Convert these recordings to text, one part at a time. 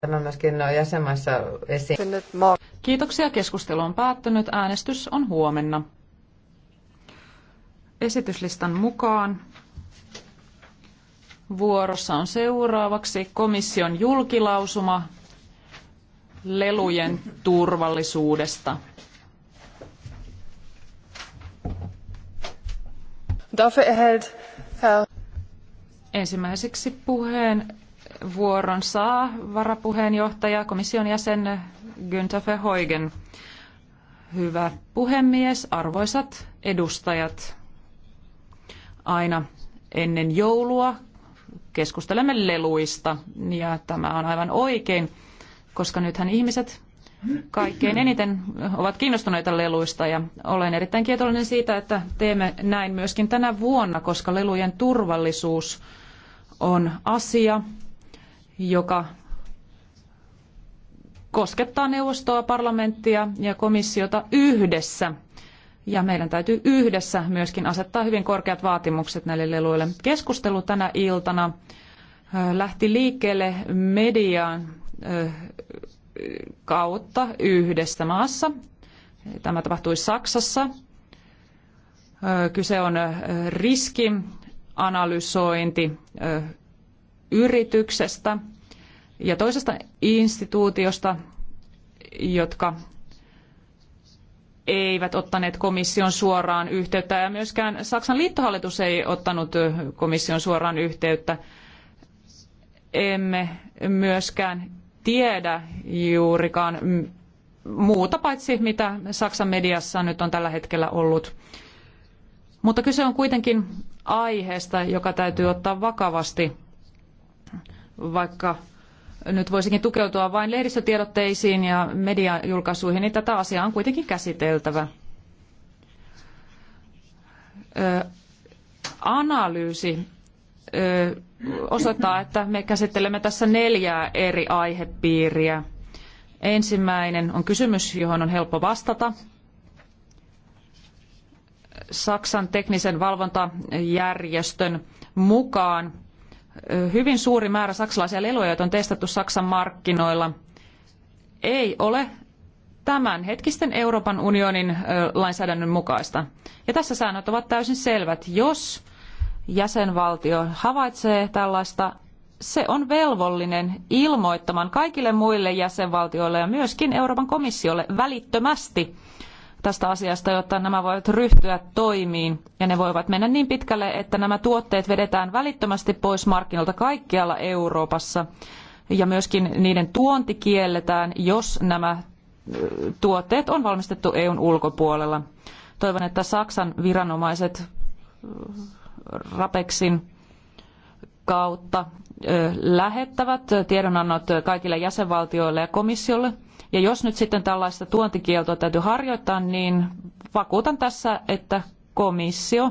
tämä myöskin jäsenmaissa esiin. Kiitoksia. Keskustelu on päättynyt. Äänestys on huomenna. Esityslistan mukaan vuorossa on seuraavaksi komission julkilausuma lelujen turvallisuudesta. Dafür erhält Herr... Ensimmäiseksi puheen Vuoron saa varapuheenjohtaja, komission jäsen Günther Verheugen. Hyvä puhemies, arvoisat edustajat. Aina ennen joulua keskustelemme leluista ja tämä on aivan oikein, koska nythän ihmiset kaikkein eniten ovat kiinnostuneita leluista ja olen erittäin kiitollinen siitä, että teemme näin myöskin tänä vuonna, koska lelujen turvallisuus on asia, joka koskettaa neuvostoa, parlamenttia ja komissiota yhdessä. Ja meidän täytyy yhdessä myöskin asettaa hyvin korkeat vaatimukset näille leluille. Keskustelu tänä iltana lähti liikkeelle median kautta yhdessä maassa. Tämä tapahtui Saksassa. Kyse on riskianalysointi yrityksestä, ja toisesta instituutiosta, jotka eivät ottaneet komission suoraan yhteyttä ja myöskään Saksan liittohallitus ei ottanut komission suoraan yhteyttä. Emme myöskään tiedä juurikaan muuta paitsi mitä Saksan mediassa nyt on tällä hetkellä ollut. Mutta kyse on kuitenkin aiheesta, joka täytyy ottaa vakavasti, vaikka nyt voisikin tukeutua vain lehdistötiedotteisiin ja mediajulkaisuihin, niin tätä asiaa on kuitenkin käsiteltävä. Ö, analyysi ö, osoittaa, että me käsittelemme tässä neljää eri aihepiiriä. Ensimmäinen on kysymys, johon on helppo vastata. Saksan teknisen valvontajärjestön mukaan hyvin suuri määrä saksalaisia leluja, joita on testattu Saksan markkinoilla, ei ole hetkisten Euroopan unionin lainsäädännön mukaista. Ja tässä säännöt ovat täysin selvät. Jos jäsenvaltio havaitsee tällaista, se on velvollinen ilmoittamaan kaikille muille jäsenvaltioille ja myöskin Euroopan komissiolle välittömästi – tästä asiasta, jotta nämä voivat ryhtyä toimiin ja ne voivat mennä niin pitkälle, että nämä tuotteet vedetään välittömästi pois markkinoilta kaikkialla Euroopassa ja myöskin niiden tuonti kielletään, jos nämä tuotteet on valmistettu EUn ulkopuolella. Toivon, että Saksan viranomaiset RAPEXin kautta lähettävät tiedonannot kaikille jäsenvaltioille ja komissiolle – ja jos nyt sitten tällaista tuontikieltoa täytyy harjoittaa, niin vakuutan tässä, että komissio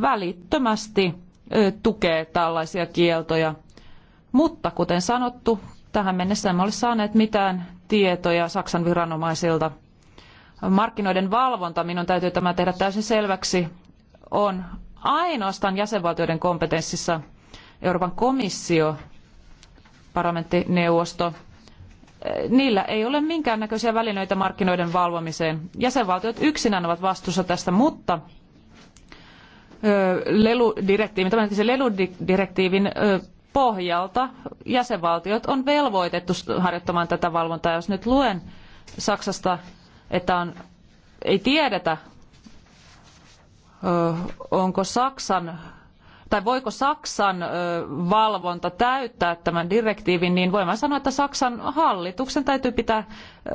välittömästi tukee tällaisia kieltoja. Mutta kuten sanottu, tähän mennessä emme ole saaneet mitään tietoja Saksan viranomaisilta. Markkinoiden valvonta, minun täytyy tämä tehdä täysin selväksi, on ainoastaan jäsenvaltioiden kompetenssissa. Euroopan komissio, parlamenttineuvosto niillä ei ole minkäännäköisiä välineitä markkinoiden valvomiseen. Jäsenvaltiot yksinään ovat vastuussa tästä, mutta leludirektiivin, tämän leludirektiivin pohjalta jäsenvaltiot on velvoitettu harjoittamaan tätä valvontaa. Jos nyt luen Saksasta, että on, ei tiedetä, onko Saksan tai voiko Saksan valvonta täyttää tämän direktiivin, niin voin sanoa, että Saksan hallituksen täytyy pitää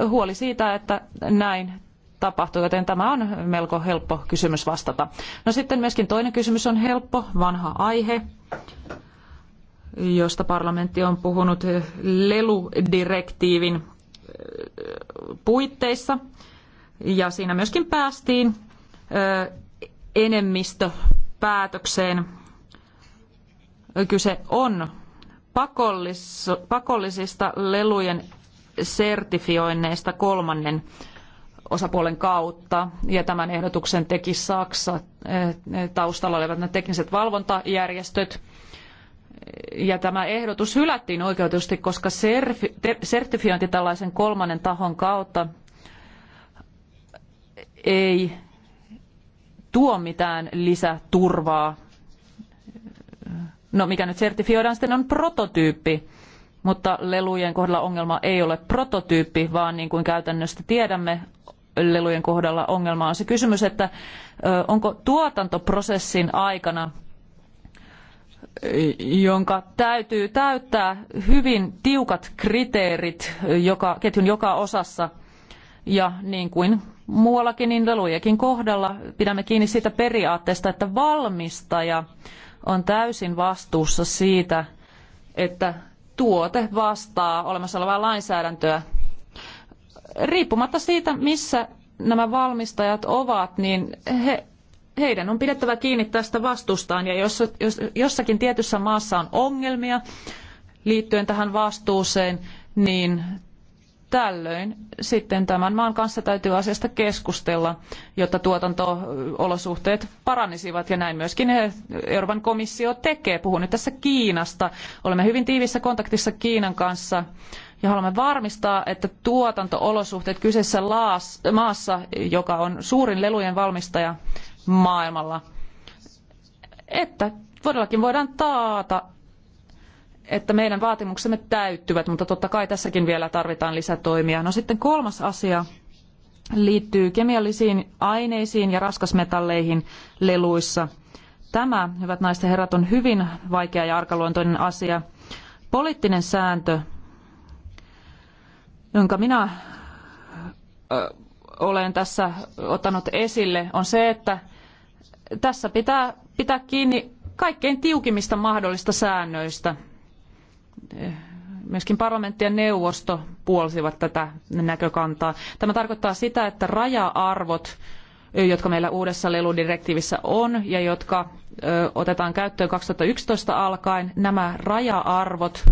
huoli siitä, että näin tapahtuu, joten tämä on melko helppo kysymys vastata. No sitten myöskin toinen kysymys on helppo, vanha aihe, josta parlamentti on puhunut leludirektiivin puitteissa. Ja siinä myöskin päästiin enemmistö päätökseen kyse on pakollis, pakollisista lelujen sertifioinneista kolmannen osapuolen kautta, ja tämän ehdotuksen teki Saksa. Eh, taustalla olivat nämä tekniset valvontajärjestöt, ja tämä ehdotus hylättiin oikeutusti, koska sertifiointi tällaisen kolmannen tahon kautta ei tuo mitään lisäturvaa No mikä nyt sertifioidaan sitten on prototyyppi, mutta lelujen kohdalla ongelma ei ole prototyyppi, vaan niin kuin käytännöstä tiedämme, lelujen kohdalla ongelma on se kysymys, että onko tuotantoprosessin aikana jonka täytyy täyttää hyvin tiukat kriteerit joka, ketjun joka osassa. Ja niin kuin muuallakin, niin lelujenkin kohdalla pidämme kiinni siitä periaatteesta, että valmistaja on täysin vastuussa siitä, että tuote vastaa olemassa olevaa lainsäädäntöä. Riippumatta siitä, missä nämä valmistajat ovat, niin he, heidän on pidettävä kiinni tästä vastustaan. Ja jos, jos jossakin tietyssä maassa on ongelmia liittyen tähän vastuuseen, niin Tällöin sitten tämän maan kanssa täytyy asiasta keskustella, jotta tuotanto-olosuhteet paranisivat ja näin myöskin eh, Euroopan komissio tekee. Puhun nyt tässä Kiinasta. Olemme hyvin tiivissä kontaktissa Kiinan kanssa ja haluamme varmistaa, että tuotanto-olosuhteet kyseisessä laas, maassa, joka on suurin lelujen valmistaja maailmalla, että todellakin voidaan taata että meidän vaatimuksemme täyttyvät, mutta totta kai tässäkin vielä tarvitaan lisätoimia. No sitten kolmas asia liittyy kemiallisiin aineisiin ja raskasmetalleihin leluissa. Tämä, hyvät naiset ja herrat, on hyvin vaikea ja arkaluontoinen asia. Poliittinen sääntö, jonka minä olen tässä ottanut esille, on se, että tässä pitää pitää kiinni kaikkein tiukimmista mahdollista säännöistä myöskin parlamentti ja neuvosto puolsivat tätä näkökantaa. Tämä tarkoittaa sitä, että raja-arvot, jotka meillä uudessa leludirektiivissä on ja jotka otetaan käyttöön 2011 alkaen, nämä raja-arvot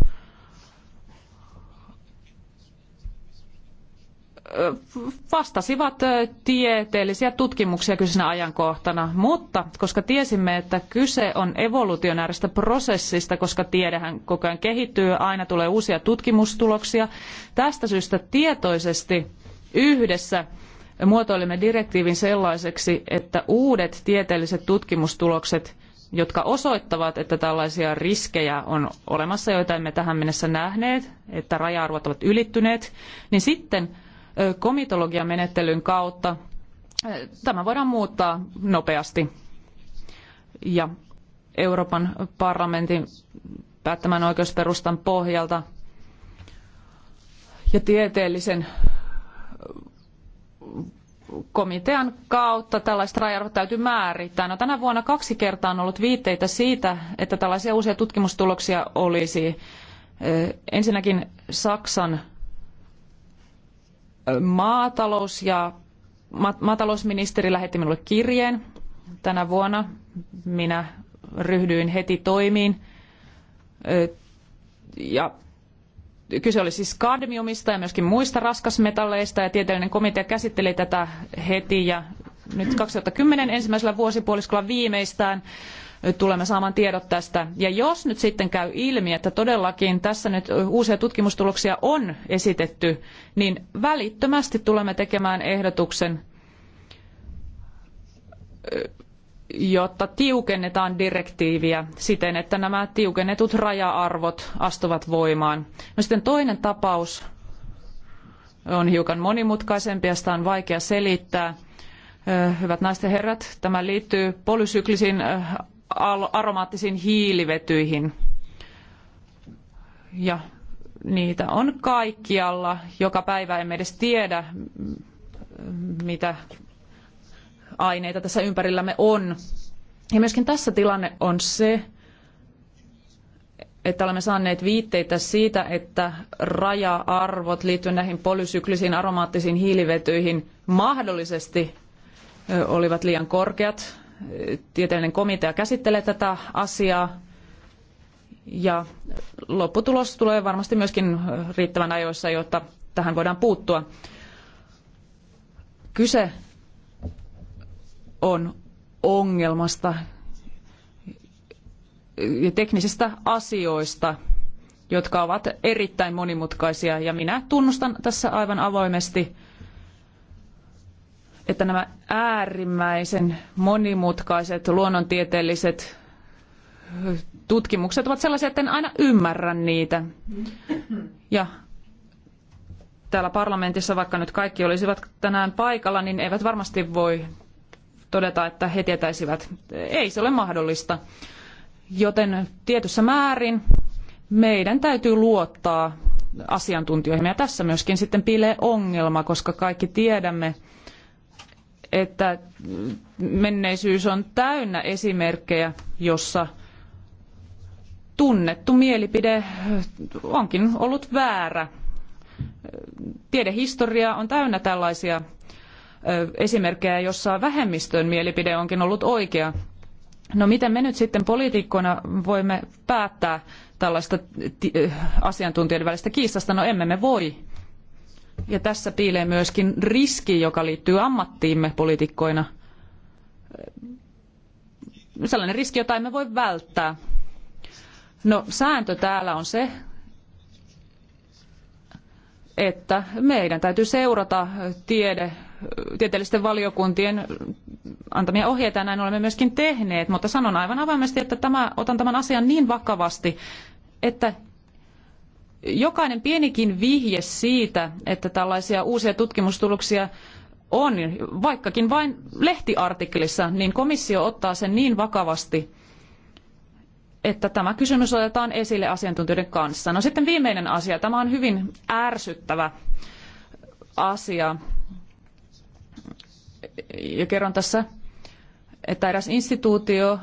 vastasivat tieteellisiä tutkimuksia kyseisenä ajankohtana, mutta koska tiesimme, että kyse on evolutionääristä prosessista, koska tiedehän koko ajan kehittyy, aina tulee uusia tutkimustuloksia, tästä syystä tietoisesti yhdessä muotoilimme direktiivin sellaiseksi, että uudet tieteelliset tutkimustulokset jotka osoittavat, että tällaisia riskejä on olemassa, joita emme tähän mennessä nähneet, että raja-arvot ovat ylittyneet, niin sitten komitologiamenettelyn kautta tämä voidaan muuttaa nopeasti. Ja Euroopan parlamentin päättämän oikeusperustan pohjalta ja tieteellisen komitean kautta tällaiset raja täytyy määrittää. No, tänä vuonna kaksi kertaa on ollut viitteitä siitä, että tällaisia uusia tutkimustuloksia olisi. Ensinnäkin Saksan maatalous ja maatalousministeri lähetti minulle kirjeen tänä vuonna. Minä ryhdyin heti toimiin. Ja kyse oli siis kadmiumista ja myöskin muista raskasmetalleista ja tieteellinen komitea käsitteli tätä heti ja nyt 2010 ensimmäisellä vuosipuoliskolla viimeistään tulemme saamaan tiedot tästä. Ja jos nyt sitten käy ilmi, että todellakin tässä nyt uusia tutkimustuloksia on esitetty, niin välittömästi tulemme tekemään ehdotuksen, jotta tiukennetaan direktiiviä siten, että nämä tiukennetut raja-arvot astuvat voimaan. No sitten toinen tapaus on hiukan monimutkaisempi ja sitä on vaikea selittää. Hyvät naiset ja herrat, tämä liittyy polysyklisiin aromaattisiin hiilivetyihin. Ja niitä on kaikkialla. Joka päivä emme edes tiedä, mitä aineita tässä ympärillämme on. Ja myöskin tässä tilanne on se, että olemme saaneet viitteitä siitä, että raja-arvot liittyen näihin polysyklisiin aromaattisiin hiilivetyihin mahdollisesti olivat liian korkeat tieteellinen komitea käsittelee tätä asiaa. Ja lopputulos tulee varmasti myöskin riittävän ajoissa, jotta tähän voidaan puuttua. Kyse on ongelmasta ja teknisistä asioista, jotka ovat erittäin monimutkaisia. Ja minä tunnustan tässä aivan avoimesti, että nämä äärimmäisen monimutkaiset luonnontieteelliset tutkimukset ovat sellaisia, että en aina ymmärrä niitä. Ja täällä parlamentissa, vaikka nyt kaikki olisivat tänään paikalla, niin eivät varmasti voi todeta, että he tietäisivät. Ei se ole mahdollista. Joten tietyssä määrin meidän täytyy luottaa asiantuntijoihin. Ja tässä myöskin sitten piilee ongelma, koska kaikki tiedämme, että menneisyys on täynnä esimerkkejä, jossa tunnettu mielipide onkin ollut väärä. Tiedehistoria on täynnä tällaisia esimerkkejä, jossa vähemmistön mielipide onkin ollut oikea. No miten me nyt sitten poliitikkoina voimme päättää tällaista asiantuntijoiden välistä kiistasta? No emme me voi ja tässä piilee myöskin riski, joka liittyy ammattiimme poliitikkoina. Sellainen riski, jota emme voi välttää. No sääntö täällä on se, että meidän täytyy seurata tiede, tieteellisten valiokuntien antamia ohjeita ja näin olemme myöskin tehneet, mutta sanon aivan avoimesti, että tämä, otan tämän asian niin vakavasti, että jokainen pienikin vihje siitä, että tällaisia uusia tutkimustuloksia on, vaikkakin vain lehtiartikkelissa, niin komissio ottaa sen niin vakavasti, että tämä kysymys otetaan esille asiantuntijoiden kanssa. No sitten viimeinen asia. Tämä on hyvin ärsyttävä asia. Ja kerron tässä, että eräs instituutio,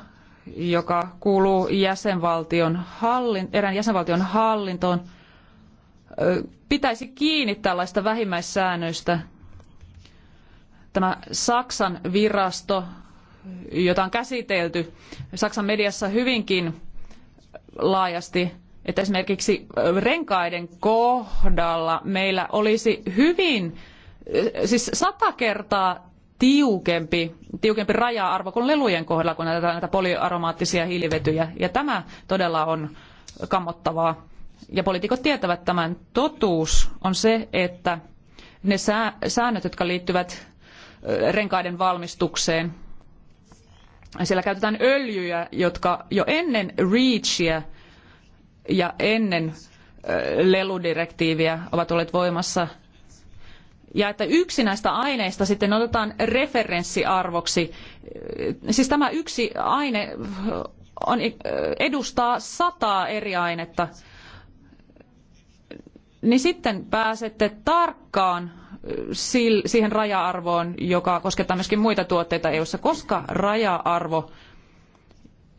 joka kuuluu jäsenvaltion hallin, erään jäsenvaltion hallintoon, pitäisi kiinni tällaista vähimmäissäännöistä. Tämä Saksan virasto, jota on käsitelty Saksan mediassa hyvinkin laajasti, että esimerkiksi renkaiden kohdalla meillä olisi hyvin, siis sata kertaa tiukempi, tiukempi raja-arvo kuin lelujen kohdalla, kun näitä, näitä polyaromaattisia hiilivetyjä. Ja tämä todella on kammottavaa ja poliitikot tietävät tämän, totuus on se, että ne säännöt, jotka liittyvät renkaiden valmistukseen, siellä käytetään öljyjä, jotka jo ennen REACHia ja ennen leludirektiiviä ovat olleet voimassa. Ja että yksi näistä aineista sitten otetaan referenssiarvoksi. Siis tämä yksi aine on, edustaa sataa eri ainetta niin sitten pääsette tarkkaan siihen raja-arvoon, joka koskettaa myöskin muita tuotteita EU-ssa, koska raja-arvo,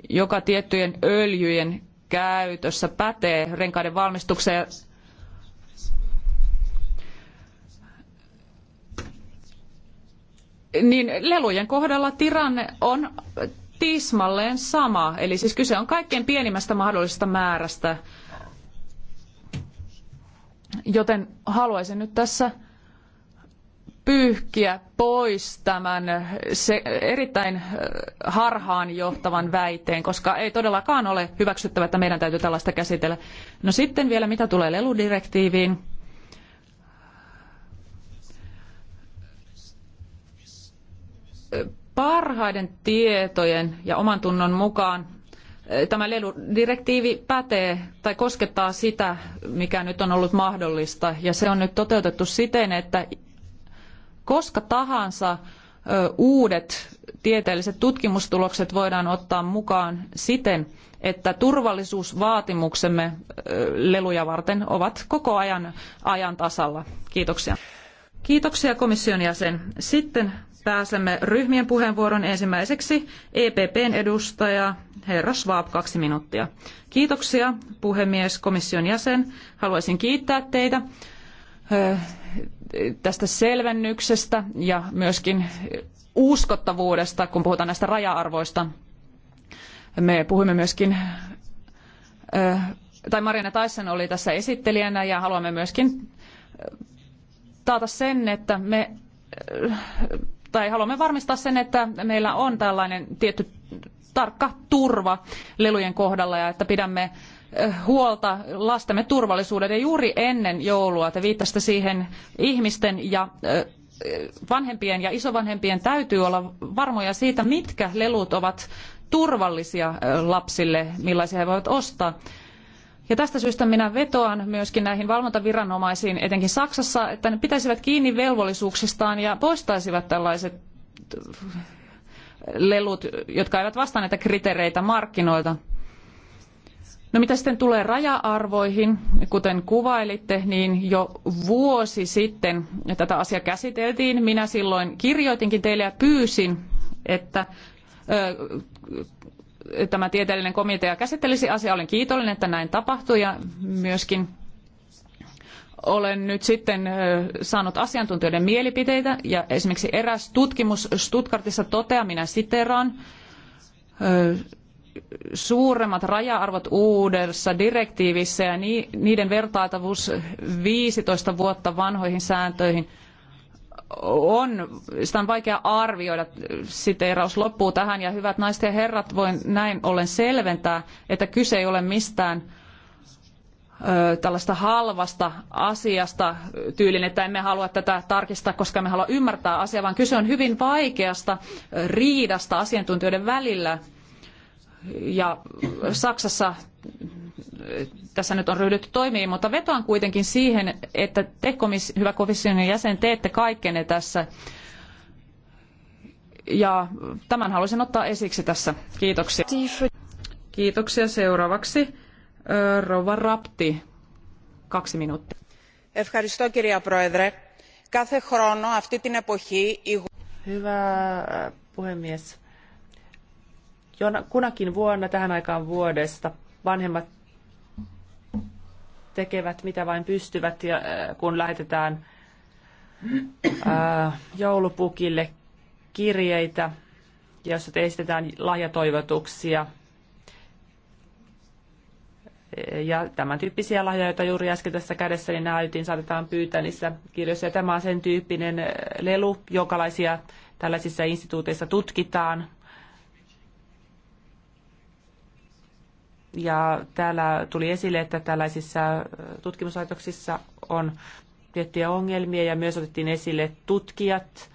joka tiettyjen öljyjen käytössä pätee renkaiden valmistukseen, niin lelujen kohdalla tilanne on tismalleen sama. Eli siis kyse on kaikkein pienimmästä mahdollisesta määrästä Joten haluaisin nyt tässä pyyhkiä pois tämän erittäin äh, harhaan johtavan väitteen, koska ei todellakaan ole hyväksyttävää, että meidän täytyy tällaista käsitellä. No sitten vielä mitä tulee leludirektiiviin. Äh, parhaiden tietojen ja omantunnon mukaan tämä leludirektiivi pätee tai koskettaa sitä, mikä nyt on ollut mahdollista. Ja se on nyt toteutettu siten, että koska tahansa uudet tieteelliset tutkimustulokset voidaan ottaa mukaan siten, että turvallisuusvaatimuksemme leluja varten ovat koko ajan ajan tasalla. Kiitoksia. Kiitoksia komission jäsen. Sitten pääsemme ryhmien puheenvuoron ensimmäiseksi EPPn edustaja herra Schwab, kaksi minuuttia. Kiitoksia puhemies, komission jäsen. Haluaisin kiittää teitä tästä selvennyksestä ja myöskin uskottavuudesta, kun puhutaan näistä raja-arvoista. Me puhumme myöskin tai Marianne Tyson oli tässä esittelijänä ja haluamme myöskin taata sen, että me tai haluamme varmistaa sen, että meillä on tällainen tietty tarkka turva lelujen kohdalla ja että pidämme eh, huolta lastemme turvallisuuden. Ja juuri ennen joulua te viittasitte siihen ihmisten ja eh, vanhempien ja isovanhempien täytyy olla varmoja siitä, mitkä lelut ovat turvallisia eh, lapsille, millaisia he voivat ostaa. Ja tästä syystä minä vetoan myöskin näihin valvontaviranomaisiin, etenkin Saksassa, että ne pitäisivät kiinni velvollisuuksistaan ja poistaisivat tällaiset äh, lelut, jotka eivät vastaa näitä kriteereitä markkinoilta. No mitä sitten tulee raja-arvoihin, kuten kuvailitte, niin jo vuosi sitten tätä asiaa käsiteltiin. Minä silloin kirjoitinkin teille ja pyysin, että äh, tämä tieteellinen komitea käsittelisi asiaa. Olen kiitollinen, että näin tapahtui ja myöskin olen nyt sitten saanut asiantuntijoiden mielipiteitä ja esimerkiksi eräs tutkimus Stuttgartissa toteaa, minä siteraan, suuremmat raja-arvot uudessa direktiivissä ja niiden vertailtavuus 15 vuotta vanhoihin sääntöihin – on, sitä on vaikea arvioida. Siteeraus loppuu tähän ja hyvät naiset ja herrat, voin näin ollen selventää, että kyse ei ole mistään ö, tällaista halvasta asiasta tyylin, että emme halua tätä tarkistaa, koska emme halua ymmärtää asiaa, vaan kyse on hyvin vaikeasta riidasta asiantuntijoiden välillä. Ja Saksassa tässä nyt on ryhdytty toimiin, mutta vetoan kuitenkin siihen, että te komis, hyvä komission jäsen teette kaikkenne tässä. Ja tämän haluaisin ottaa esiksi tässä. Kiitoksia. Kiitoksia. Seuraavaksi Rova Rapti, kaksi minuuttia. Ευχαριστώ κυρία Πρόεδρε. Κάθε χρόνο αυτή την εποχή... Hyvä puhemies. Jona, kunakin vuonna tähän aikaan vuodesta vanhemmat tekevät mitä vain pystyvät, ja, äh, kun lähetetään ää, äh, joulupukille kirjeitä, joissa teistetään lahjatoivotuksia ja tämän tyyppisiä lahjoja, joita juuri äsken tässä kädessä, niin näytin, saatetaan pyytää niissä kirjoissa. Ja tämä on sen tyyppinen äh, lelu, jokalaisia tällaisissa instituuteissa tutkitaan. Ja täällä tuli esille, että tällaisissa tutkimuslaitoksissa on tiettyjä ongelmia ja myös otettiin esille tutkijat,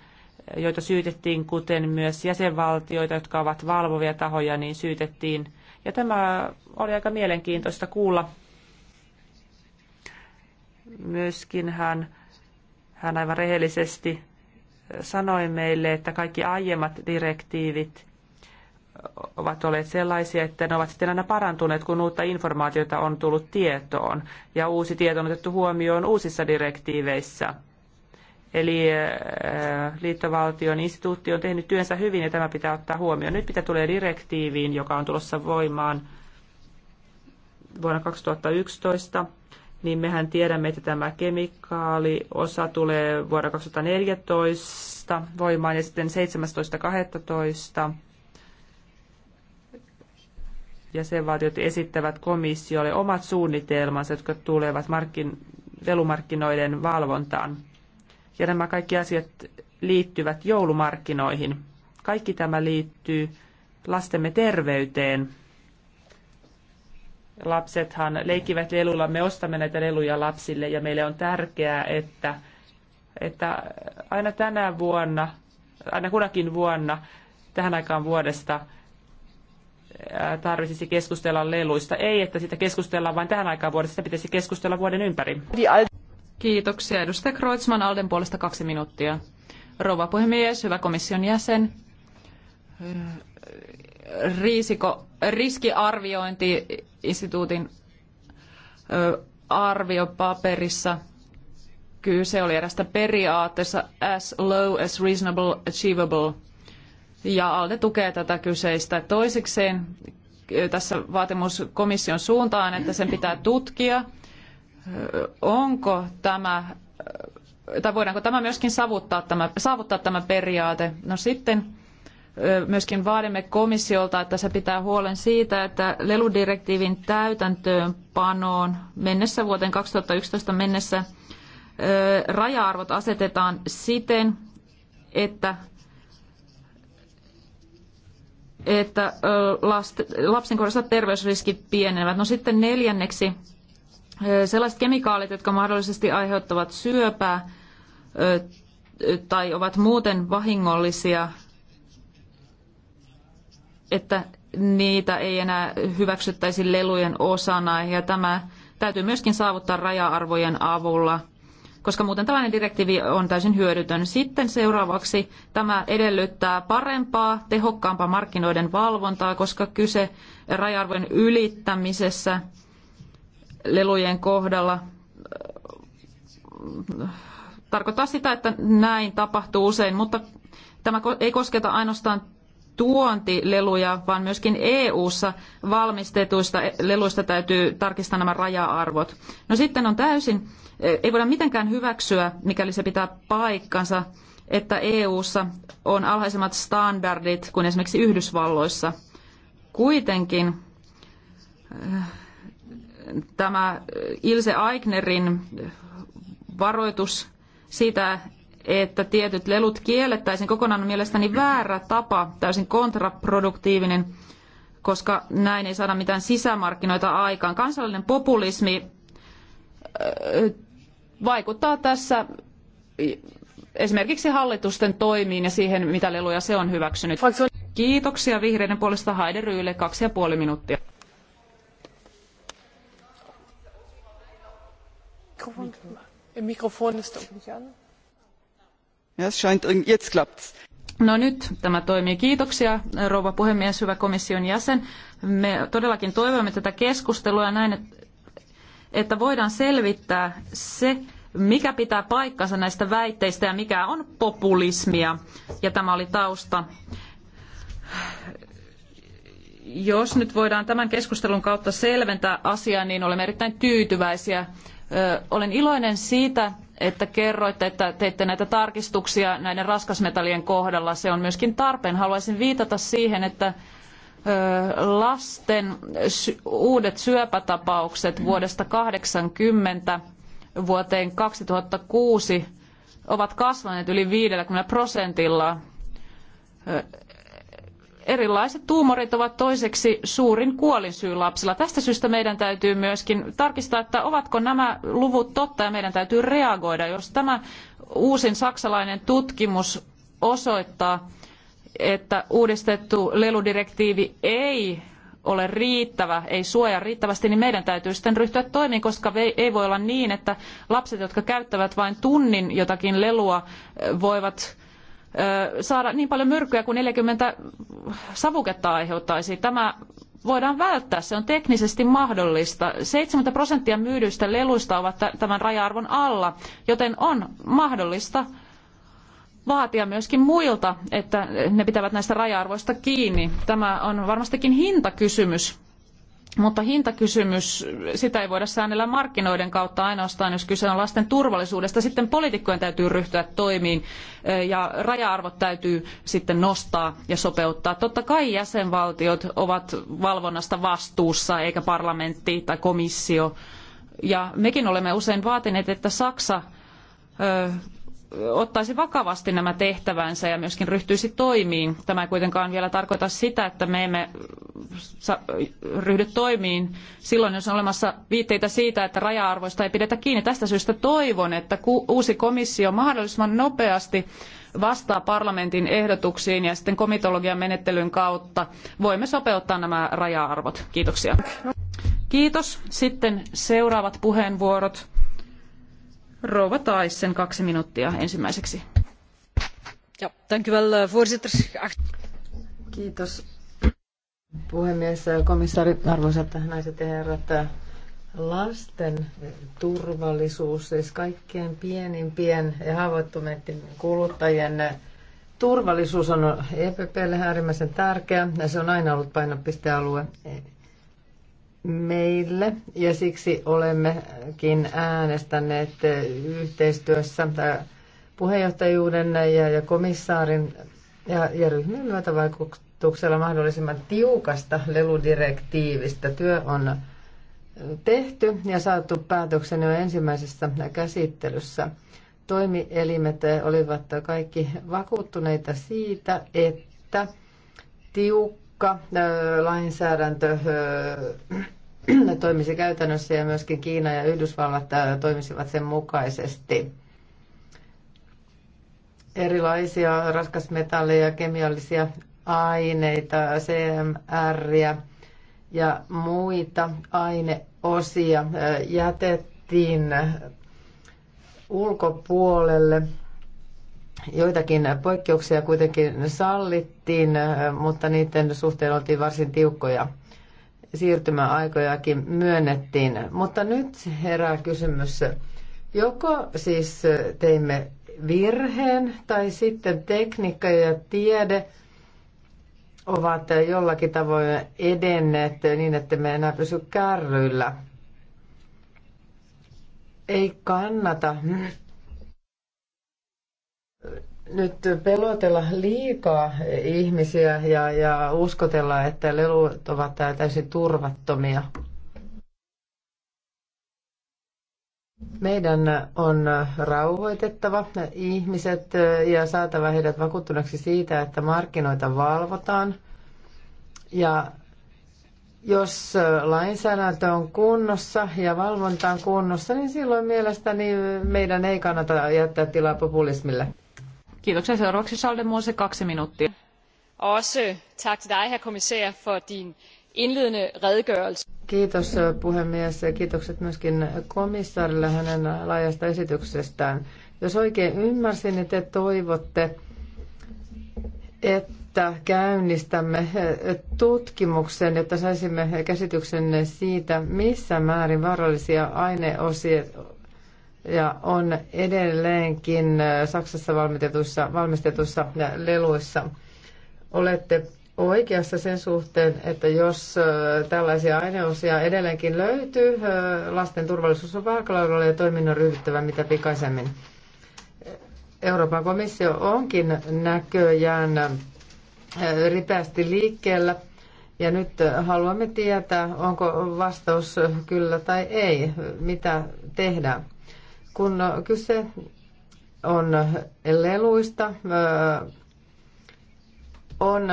joita syytettiin, kuten myös jäsenvaltioita, jotka ovat valvovia tahoja, niin syytettiin. Ja tämä oli aika mielenkiintoista kuulla. Myöskin hän, hän aivan rehellisesti sanoi meille, että kaikki aiemmat direktiivit ovat olleet sellaisia, että ne ovat sitten aina parantuneet, kun uutta informaatiota on tullut tietoon. Ja uusi tieto on otettu huomioon uusissa direktiiveissä. Eli äh, liittovaltion instituutti on tehnyt työnsä hyvin ja tämä pitää ottaa huomioon. Nyt mitä tulee direktiiviin, joka on tulossa voimaan vuonna 2011, niin mehän tiedämme, että tämä kemikaaliosa tulee vuonna 2014 voimaan ja sitten 17.12 jäsenvaltiot esittävät komissiolle omat suunnitelmansa, jotka tulevat markkin, velumarkkinoiden valvontaan. Ja nämä kaikki asiat liittyvät joulumarkkinoihin. Kaikki tämä liittyy lastemme terveyteen. Lapsethan leikivät lelulla, me ostamme näitä leluja lapsille ja meille on tärkeää, että, että aina tänä vuonna, aina kunakin vuonna, tähän aikaan vuodesta – tarvitsisi keskustella leluista. Ei, että sitä keskustellaan vain tähän aikaan vuodesta, sitä pitäisi keskustella vuoden ympäri. Kiitoksia. Edustaja Kreutzmann Alden puolesta kaksi minuuttia. Rouva puhemies, hyvä komission jäsen. Riisiko, riskiarviointi-instituutin arviopaperissa kyse oli erästä periaatteessa as low as reasonable achievable – ja ALDE tukee tätä kyseistä. Toisekseen tässä vaatimus komission suuntaan, että sen pitää tutkia, onko tämä tai voidaanko tämä myöskin saavuttaa tämä, saavuttaa tämä periaate. No sitten myöskin vaadimme komissiolta, että se pitää huolen siitä, että leludirektiivin täytäntöönpanoon mennessä vuoteen 2011 mennessä raja-arvot asetetaan siten, että että last, lapsen kohdassa terveysriskit pienenevät. No sitten neljänneksi sellaiset kemikaalit, jotka mahdollisesti aiheuttavat syöpää tai ovat muuten vahingollisia, että niitä ei enää hyväksyttäisi lelujen osana ja tämä täytyy myöskin saavuttaa raja-arvojen avulla – koska muuten tällainen direktiivi on täysin hyödytön. Sitten seuraavaksi tämä edellyttää parempaa, tehokkaampaa markkinoiden valvontaa, koska kyse rajarvojen ylittämisessä lelujen kohdalla äh, tarkoittaa sitä, että näin tapahtuu usein, mutta tämä ei kosketa ainoastaan tuontileluja, vaan myöskin EU-ssa valmistetuista leluista täytyy tarkistaa nämä raja-arvot. No sitten on täysin, eh, ei voida mitenkään hyväksyä, mikäli se pitää paikkansa, että EU-ssa on alhaisemmat standardit kuin esimerkiksi Yhdysvalloissa. Kuitenkin eh, tämä Ilse Aignerin varoitus siitä, että tietyt lelut kiellettäisiin kokonaan mielestäni väärä tapa, täysin kontraproduktiivinen, koska näin ei saada mitään sisämarkkinoita aikaan. Kansallinen populismi vaikuttaa tässä esimerkiksi hallitusten toimiin ja siihen, mitä leluja se on hyväksynyt. Kiitoksia vihreiden puolesta Haide Ryylle, kaksi ja puoli minuuttia. Mikrofon Mikrofon. Mikrofon. No nyt tämä toimii. Kiitoksia rouva puhemies, hyvä komission jäsen. Me todellakin toivomme tätä keskustelua ja näin, että voidaan selvittää se, mikä pitää paikkansa näistä väitteistä ja mikä on populismia. Ja tämä oli tausta. Jos nyt voidaan tämän keskustelun kautta selventää asiaa, niin olemme erittäin tyytyväisiä. Ö, olen iloinen siitä, että kerroitte, että teitte näitä tarkistuksia näiden raskasmetallien kohdalla. Se on myöskin tarpeen. Haluaisin viitata siihen, että lasten uudet syöpätapaukset mm. vuodesta 80 vuoteen 2006 ovat kasvaneet yli 50 prosentilla Erilaiset tuumorit ovat toiseksi suurin kuolinsyy lapsilla. Tästä syystä meidän täytyy myöskin tarkistaa, että ovatko nämä luvut totta ja meidän täytyy reagoida. Jos tämä uusin saksalainen tutkimus osoittaa, että uudistettu leludirektiivi ei ole riittävä, ei suojaa riittävästi, niin meidän täytyy sitten ryhtyä toimiin, koska ei voi olla niin, että lapset, jotka käyttävät vain tunnin jotakin lelua, voivat saada niin paljon myrkkyä kuin 40 savuketta aiheuttaisi. Tämä voidaan välttää, se on teknisesti mahdollista. 7 prosenttia myydyistä leluista ovat tämän raja-arvon alla, joten on mahdollista vaatia myöskin muilta, että ne pitävät näistä raja-arvoista kiinni. Tämä on varmastikin hintakysymys. Mutta hintakysymys, sitä ei voida säännellä markkinoiden kautta ainoastaan, jos kyse on lasten turvallisuudesta. Sitten poliitikkojen täytyy ryhtyä toimiin ja raja-arvot täytyy sitten nostaa ja sopeuttaa. Totta kai jäsenvaltiot ovat valvonnasta vastuussa, eikä parlamentti tai komissio. Ja mekin olemme usein vaatineet, että Saksa ottaisi vakavasti nämä tehtävänsä ja myöskin ryhtyisi toimiin. Tämä ei kuitenkaan vielä tarkoita sitä, että me emme äh, äh, ryhdy toimiin silloin, jos on olemassa viitteitä siitä, että raja-arvoista ei pidetä kiinni. Tästä syystä toivon, että uusi komissio mahdollisimman nopeasti vastaa parlamentin ehdotuksiin ja sitten komitologian menettelyn kautta voimme sopeuttaa nämä raja-arvot. Kiitoksia. Kiitos. Sitten seuraavat puheenvuorot. Rouva Taisen kaksi minuuttia ensimmäiseksi. Ja, dank u wel, uh, voorzitter. Kiitos puhemies, komissaari, arvoisat naiset ja herrat. Lasten turvallisuus, siis kaikkien pienimpien ja haavoittuneiden kuluttajien turvallisuus on EPPlle äärimmäisen tärkeä ja se on aina ollut painopistealue meille ja siksi olemmekin äänestäneet yhteistyössä äh, puheenjohtajuuden ja, ja komissaarin ja, ja ryhmien myötävaikutuksella mahdollisimman tiukasta leludirektiivistä. Työ on tehty ja saatu päätöksen jo ensimmäisessä käsittelyssä. Toimielimet olivat kaikki vakuuttuneita siitä, että tiukka tiukka lainsäädäntö toimisi käytännössä ja myöskin Kiina ja Yhdysvallat toimisivat sen mukaisesti. Erilaisia raskasmetalleja, kemiallisia aineita, CMR ja muita aineosia jätettiin ulkopuolelle – Joitakin poikkeuksia kuitenkin sallittiin, äh, mutta niiden suhteen oltiin varsin tiukkoja. Siirtymäaikojakin myönnettiin. Mutta nyt herää kysymys, joko siis teimme virheen tai sitten tekniikka ja tiede ovat jollakin tavoin edenneet niin, että me enää pysy kärryillä. Ei kannata nyt pelotella liikaa ihmisiä ja, ja uskotella, että lelut ovat täysin turvattomia. Meidän on rauhoitettava ihmiset ja saatava heidät vakuuttuneeksi siitä, että markkinoita valvotaan. Ja jos lainsäädäntö on kunnossa ja valvonta on kunnossa, niin silloin mielestäni meidän ei kannata jättää tilaa populismille. Kiitoksia. Seuraavaksi Charles Mose, kaksi minuuttia. Også tak til dig, herr kommissær, for din indledende redegørelse. Kiitos eh, puhemies ja kiitokset myöskin komissaarille hänen laajasta esityksestään. Jos oikein ymmärsin, niin te toivotte, että käynnistämme eh, tutkimuksen, jotta saisimme käsityksen siitä, missä määrin vaarallisia aineosia ja on edelleenkin äh, Saksassa valmistetuissa, valmistetuissa äh, leluissa. Olette oikeassa sen suhteen, että jos äh, tällaisia aineosia edelleenkin löytyy, lasten turvallisuus on vaakalaudalla ja toiminnan ryhdyttävä mitä pikaisemmin. Euroopan komissio onkin näköjään ripeästi liikkeellä ja nyt haluamme tietää, onko vastaus kyllä tai ei, mitä tehdään. Kun kyse on leluista, on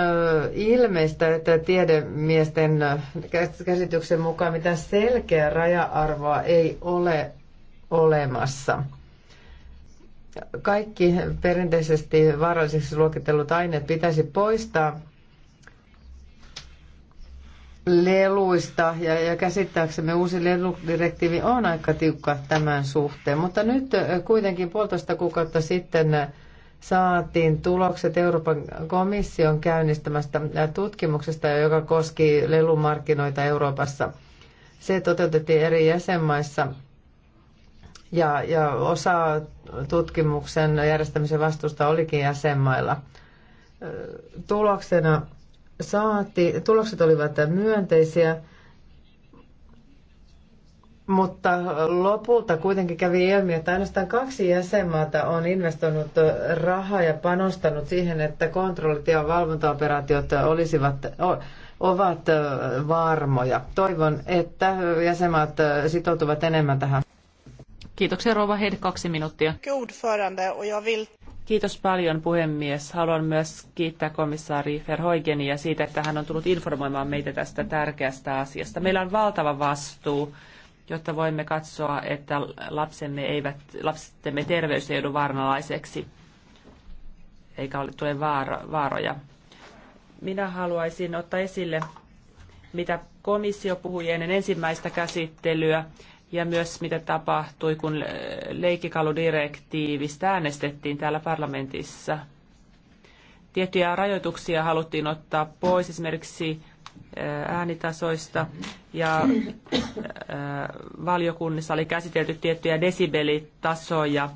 ilmeistä, että tiedemiesten käsityksen mukaan mitä selkeää raja-arvoa ei ole olemassa. Kaikki perinteisesti vaarallisiksi luokitellut aineet pitäisi poistaa leluista ja, ja käsittääksemme uusi leludirektiivi on aika tiukka tämän suhteen. Mutta nyt kuitenkin puolitoista kuukautta sitten saatiin tulokset Euroopan komission käynnistämästä tutkimuksesta, joka koski lelumarkkinoita Euroopassa. Se toteutettiin eri jäsenmaissa ja, ja osa tutkimuksen järjestämisen vastuusta olikin jäsenmailla. Tuloksena saati. Tulokset olivat myönteisiä, mutta lopulta kuitenkin kävi ilmi, että ainoastaan kaksi jäsenmaata on investoinut rahaa ja panostanut siihen, että kontrollit ja valvontaoperaatiot olisivat, ovat varmoja. Toivon, että jäsenmaat sitoutuvat enemmän tähän. Kiitoksia Rova Heidi, kaksi minuuttia. Kiitos paljon puhemies. Haluan myös kiittää komissaari Verhoigenia siitä, että hän on tullut informoimaan meitä tästä tärkeästä asiasta. Meillä on valtava vastuu, jotta voimme katsoa, että lapsemme eivät, lapsemme terveys ei joudu vaaranalaiseksi eikä tule vaaro, vaaroja. Minä haluaisin ottaa esille, mitä komissio puhui ennen ensimmäistä käsittelyä ja myös mitä tapahtui, kun leikkikaludirektiivistä äänestettiin täällä parlamentissa. Tiettyjä rajoituksia haluttiin ottaa pois esimerkiksi äh, äänitasoista ja äh, valiokunnissa oli käsitelty tiettyjä desibelitasoja.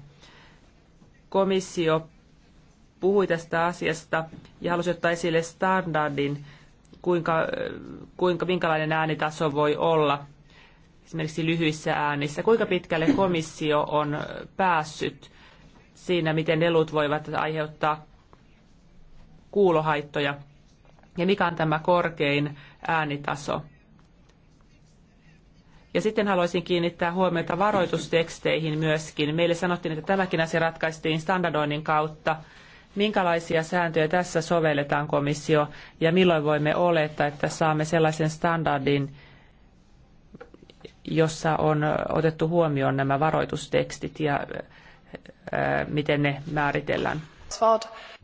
Komissio puhui tästä asiasta ja halusi ottaa esille standardin, kuinka, äh, kuinka, minkälainen äänitaso voi olla – esimerkiksi lyhyissä äänissä. Kuinka pitkälle komissio on päässyt siinä, miten elut voivat aiheuttaa kuulohaittoja? Ja mikä on tämä korkein äänitaso? Ja sitten haluaisin kiinnittää huomiota varoitusteksteihin myöskin. Meille sanottiin, että tämäkin asia ratkaistiin standardoinnin kautta. Minkälaisia sääntöjä tässä sovelletaan komissio ja milloin voimme olettaa, että saamme sellaisen standardin, jossa on otettu huomioon nämä varoitustekstit ja äh, miten ne määritellään.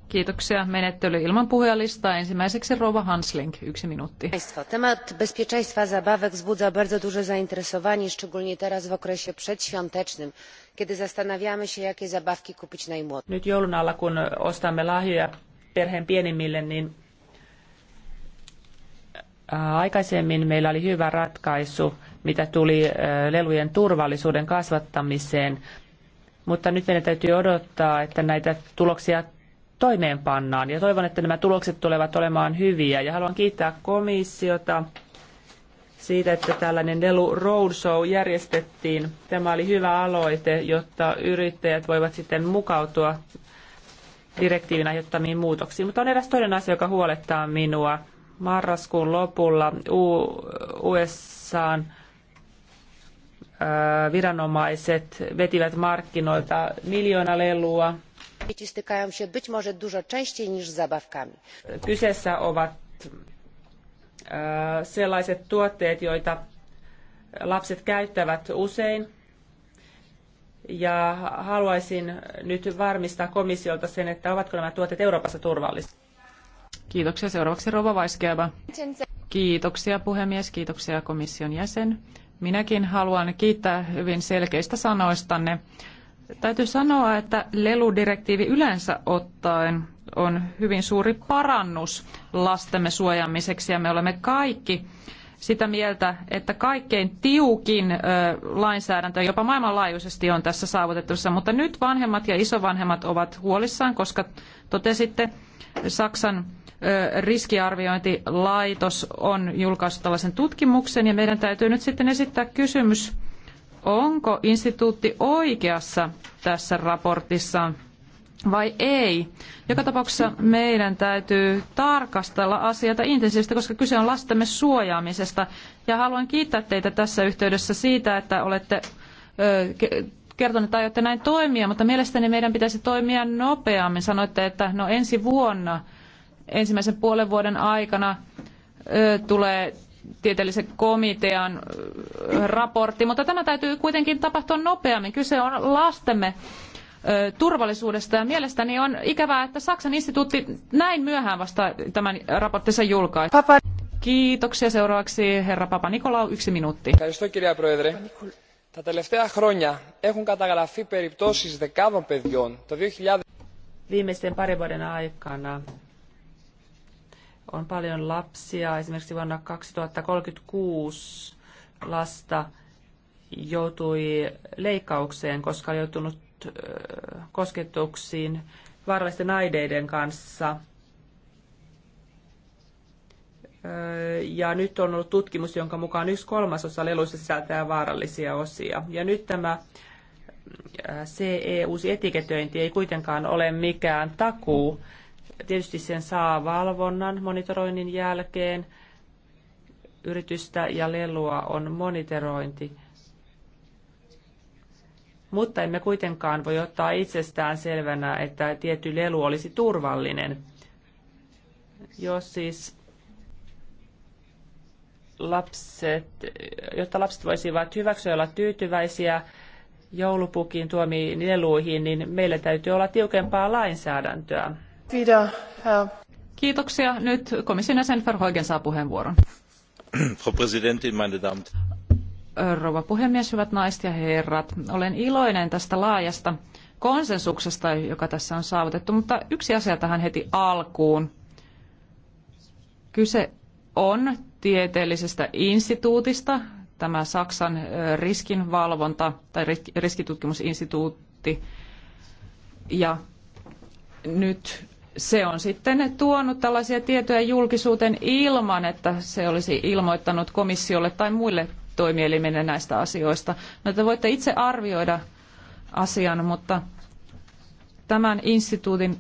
Kiitoksia. Menettely ilman puhujalistaa. Ensimmäiseksi Rova Hansling, yksi minuutti. Temat bezpieczeństwa zabawek wzbudza bardzo duże zainteresowanie, szczególnie teraz w okresie przedświątecznym, kiedy zastanawiamy się, jakie zabawki kupić najmłodszym. Nyt joulun alla, kun ostamme lahjoja perheen pienimmille, niin aikaisemmin meillä oli hyvä ratkaisu – mitä tuli lelujen turvallisuuden kasvattamiseen. Mutta nyt meidän täytyy odottaa, että näitä tuloksia toimeenpannaan. Ja toivon, että nämä tulokset tulevat olemaan hyviä. Ja haluan kiittää komissiota siitä, että tällainen lelu Roadshow järjestettiin. Tämä oli hyvä aloite, jotta yrittäjät voivat sitten mukautua direktiivin aiheuttamiin muutoksiin. Mutta on eräs toinen asia, joka huolettaa minua. Marraskuun lopulla USAn viranomaiset vetivät markkinoilta miljoona lelua. Kyseessä ovat sellaiset tuotteet, joita lapset käyttävät usein. Ja haluaisin nyt varmistaa komissiolta sen, että ovatko nämä tuotteet Euroopassa turvallisia? Kiitoksia. Seuraavaksi Rova Vaiskeva. Kiitoksia puhemies, kiitoksia komission jäsen. Minäkin haluan kiittää hyvin selkeistä sanoistanne. Täytyy sanoa, että leludirektiivi yleensä ottaen on hyvin suuri parannus lastemme suojaamiseksi ja me olemme kaikki sitä mieltä, että kaikkein tiukin ö, lainsäädäntö jopa maailmanlaajuisesti on tässä saavutettavissa, mutta nyt vanhemmat ja isovanhemmat ovat huolissaan, koska totesitte Saksan riskiarviointilaitos on julkaissut tällaisen tutkimuksen ja meidän täytyy nyt sitten esittää kysymys, onko instituutti oikeassa tässä raportissa vai ei. Joka tapauksessa meidän täytyy tarkastella asiata intensiivisesti, koska kyse on lastemme suojaamisesta. Ja haluan kiittää teitä tässä yhteydessä siitä, että olette kertoneet että aiotte näin toimia, mutta mielestäni meidän pitäisi toimia nopeammin. Sanoitte, että no ensi vuonna ensimmäisen puolen vuoden aikana tulee tieteellisen komitean raportti, mutta tämä täytyy kuitenkin tapahtua nopeammin. Kyse on lastemme turvallisuudesta ja mielestäni on ikävää, että Saksan instituutti näin myöhään vasta tämän raporttinsa julkaisi. Papa. Kiitoksia. Seuraavaksi herra Papa Nikolau, yksi minuutti. 2000... Viimeisten parin vuoden aikana on paljon lapsia. Esimerkiksi vuonna 2036 lasta joutui leikkaukseen, koska oli joutunut kosketuksiin vaarallisten aideiden kanssa. Ja nyt on ollut tutkimus, jonka mukaan yksi kolmasosa leluista sisältää vaarallisia osia. Ja nyt tämä CE-uusi etiketöinti ei kuitenkaan ole mikään takuu Tietysti sen saa valvonnan monitoroinnin jälkeen. Yritystä ja lelua on monitorointi. Mutta emme kuitenkaan voi ottaa itsestään selvänä, että tietty lelu olisi turvallinen. Jos siis lapset, jotta lapset voisivat hyväksyä olla tyytyväisiä joulupukin tuomiin leluihin, niin meillä täytyy olla tiukempaa lainsäädäntöä. Wieder, Kiitoksia. Nyt komission jäsen Verhoigen saa puheenvuoron. Frau Präsidentin, meine Damen. Rouva puhemies, hyvät naiset ja herrat. Olen iloinen tästä laajasta konsensuksesta, joka tässä on saavutettu, mutta yksi asia tähän heti alkuun. Kyse on tieteellisestä instituutista, tämä Saksan riskinvalvonta tai riskitutkimusinstituutti. Ja nyt se on sitten tuonut tällaisia tietoja julkisuuteen ilman, että se olisi ilmoittanut komissiolle tai muille toimielimille näistä asioista. No, te voitte itse arvioida asian, mutta tämän instituutin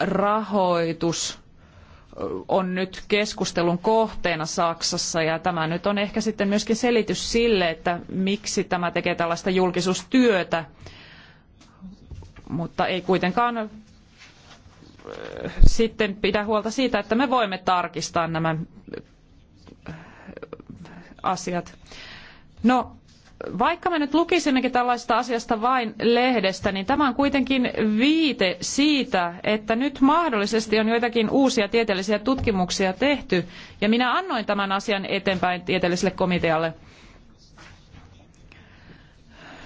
rahoitus on nyt keskustelun kohteena Saksassa ja tämä nyt on ehkä sitten myöskin selitys sille, että miksi tämä tekee tällaista julkisuustyötä, mutta ei kuitenkaan sitten pidä huolta siitä, että me voimme tarkistaa nämä äh, asiat. No, vaikka me nyt lukisimmekin tällaista asiasta vain lehdestä, niin tämä on kuitenkin viite siitä, että nyt mahdollisesti on joitakin uusia tieteellisiä tutkimuksia tehty, ja minä annoin tämän asian eteenpäin tieteelliselle komitealle –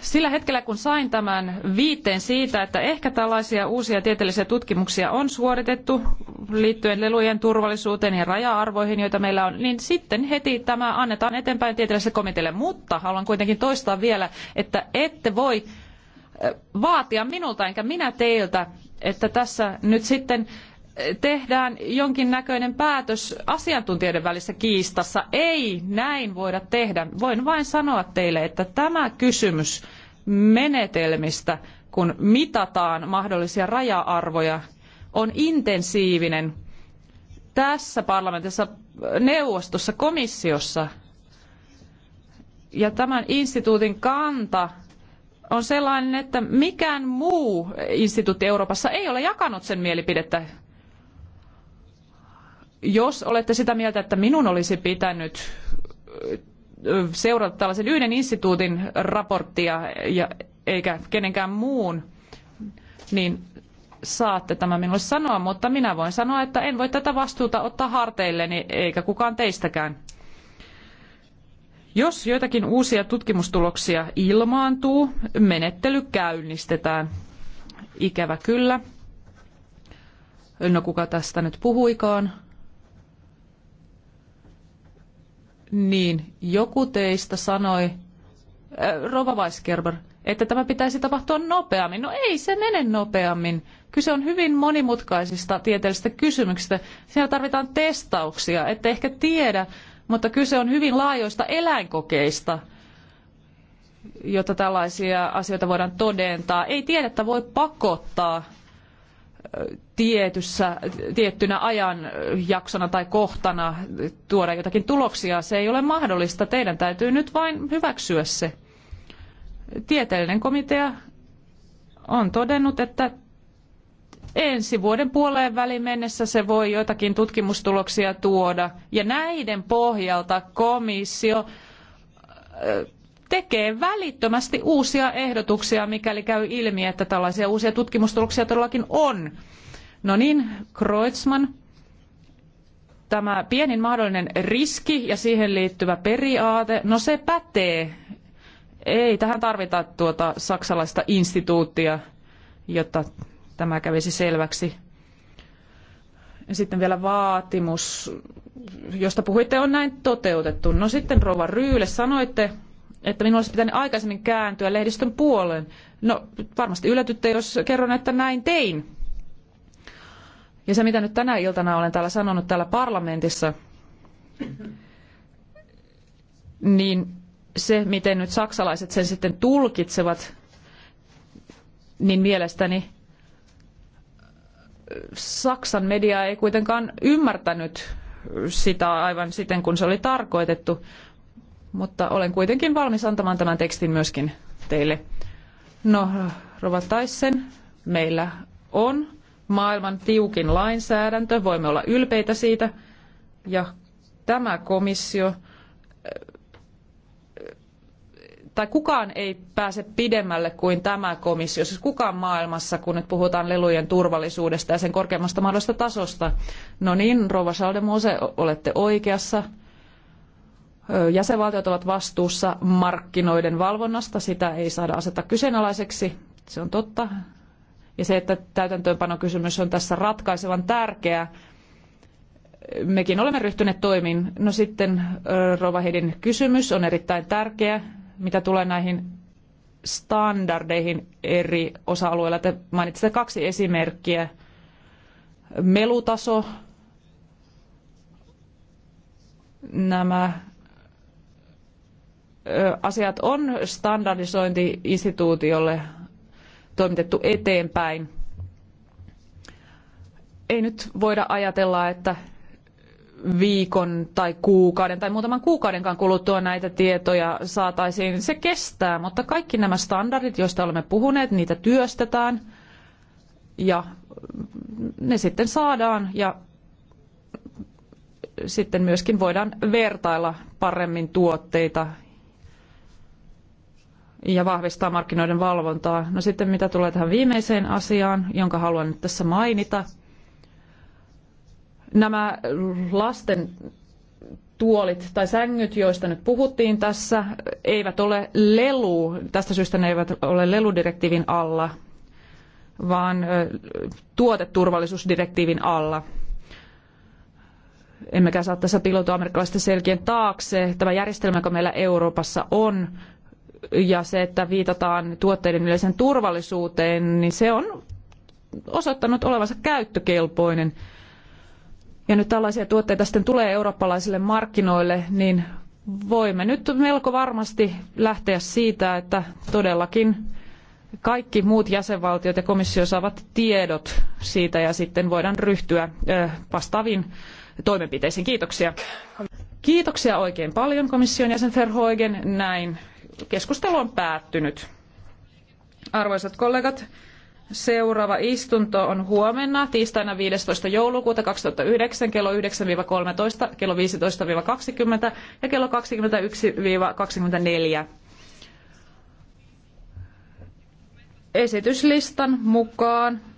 sillä hetkellä, kun sain tämän viitteen siitä, että ehkä tällaisia uusia tieteellisiä tutkimuksia on suoritettu liittyen lelujen turvallisuuteen ja raja-arvoihin, joita meillä on, niin sitten heti tämä annetaan eteenpäin tieteelliselle komitealle. Mutta haluan kuitenkin toistaa vielä, että ette voi eh, vaatia minulta enkä minä teiltä, että tässä nyt sitten tehdään jonkinnäköinen päätös asiantuntijoiden välissä kiistassa. Ei näin voida tehdä. Voin vain sanoa teille, että tämä kysymys menetelmistä, kun mitataan mahdollisia raja-arvoja, on intensiivinen tässä parlamentissa, neuvostossa, komissiossa. Ja tämän instituutin kanta on sellainen, että mikään muu instituutti Euroopassa ei ole jakanut sen mielipidettä jos olette sitä mieltä, että minun olisi pitänyt seurata tällaisen yhden instituutin raporttia ja, eikä kenenkään muun, niin saatte tämän minulle sanoa, mutta minä voin sanoa, että en voi tätä vastuuta ottaa harteilleni eikä kukaan teistäkään. Jos joitakin uusia tutkimustuloksia ilmaantuu, menettely käynnistetään. Ikävä kyllä. No kuka tästä nyt puhuikaan? niin joku teistä sanoi, äh, Rova Weisgerber, että tämä pitäisi tapahtua nopeammin. No ei se mene nopeammin. Kyse on hyvin monimutkaisista tieteellisistä kysymyksistä. Siellä tarvitaan testauksia, ette ehkä tiedä, mutta kyse on hyvin laajoista eläinkokeista, jotta tällaisia asioita voidaan todentaa. Ei tiedettä voi pakottaa tietyssä, tiettynä ajanjaksona tai kohtana tuoda jotakin tuloksia. Se ei ole mahdollista. Teidän täytyy nyt vain hyväksyä se. Tieteellinen komitea on todennut, että ensi vuoden puoleen väliin mennessä se voi joitakin tutkimustuloksia tuoda. Ja näiden pohjalta komissio tekee välittömästi uusia ehdotuksia, mikäli käy ilmi, että tällaisia uusia tutkimustuloksia todellakin on. No niin, Kreutzmann, tämä pienin mahdollinen riski ja siihen liittyvä periaate, no se pätee. Ei tähän tarvita tuota saksalaista instituuttia, jotta tämä kävisi selväksi. Sitten vielä vaatimus, josta puhuitte, on näin toteutettu. No sitten rouva Ryyle, sanoitte, että minulla olisi pitänyt aikaisemmin kääntyä lehdistön puoleen. No, varmasti yllätytte, jos kerron, että näin tein. Ja se, mitä nyt tänä iltana olen täällä sanonut täällä parlamentissa, niin se, miten nyt saksalaiset sen sitten tulkitsevat, niin mielestäni Saksan media ei kuitenkaan ymmärtänyt sitä aivan siten, kun se oli tarkoitettu mutta olen kuitenkin valmis antamaan tämän tekstin myöskin teille. No, Rova Taisen, meillä on maailman tiukin lainsäädäntö, voimme olla ylpeitä siitä, ja tämä komissio tai kukaan ei pääse pidemmälle kuin tämä komissio, siis kukaan maailmassa, kun nyt puhutaan lelujen turvallisuudesta ja sen korkeammasta mahdollisesta tasosta. No niin, Rova Schaldemose, olette oikeassa. Jäsenvaltiot ovat vastuussa markkinoiden valvonnasta, sitä ei saada asettaa kyseenalaiseksi, se on totta. Ja se, että täytäntöönpanokysymys on tässä ratkaisevan tärkeä, mekin olemme ryhtyneet toimiin. No sitten Rova Hedin kysymys on erittäin tärkeä, mitä tulee näihin standardeihin eri osa-alueilla. Te mainitsitte kaksi esimerkkiä. Melutaso, nämä asiat on standardisointiinstituutiolle toimitettu eteenpäin. Ei nyt voida ajatella, että viikon tai kuukauden tai muutaman kuukaudenkaan kuluttua näitä tietoja saataisiin. Se kestää, mutta kaikki nämä standardit, joista olemme puhuneet, niitä työstetään ja ne sitten saadaan ja sitten myöskin voidaan vertailla paremmin tuotteita ja vahvistaa markkinoiden valvontaa. No sitten mitä tulee tähän viimeiseen asiaan, jonka haluan nyt tässä mainita. Nämä lasten tuolit tai sängyt, joista nyt puhuttiin tässä, eivät ole lelu, tästä syystä ne eivät ole leludirektiivin alla, vaan tuoteturvallisuusdirektiivin alla. Emmekä saa tässä piiloutua amerikkalaisten selkien taakse. Tämä järjestelmä, joka meillä Euroopassa on, ja se, että viitataan tuotteiden yleisen turvallisuuteen, niin se on osoittanut olevansa käyttökelpoinen. Ja nyt tällaisia tuotteita sitten tulee eurooppalaisille markkinoille, niin voimme nyt melko varmasti lähteä siitä, että todellakin kaikki muut jäsenvaltiot ja komissio saavat tiedot siitä ja sitten voidaan ryhtyä vastaaviin toimenpiteisiin. Kiitoksia. Kiitoksia oikein paljon komission jäsen Verhoigen. Näin Keskustelu on päättynyt. Arvoisat kollegat, seuraava istunto on huomenna tiistaina 15. joulukuuta 2009 kello 9-13, kello 15-20 ja kello 21-24. Esityslistan mukaan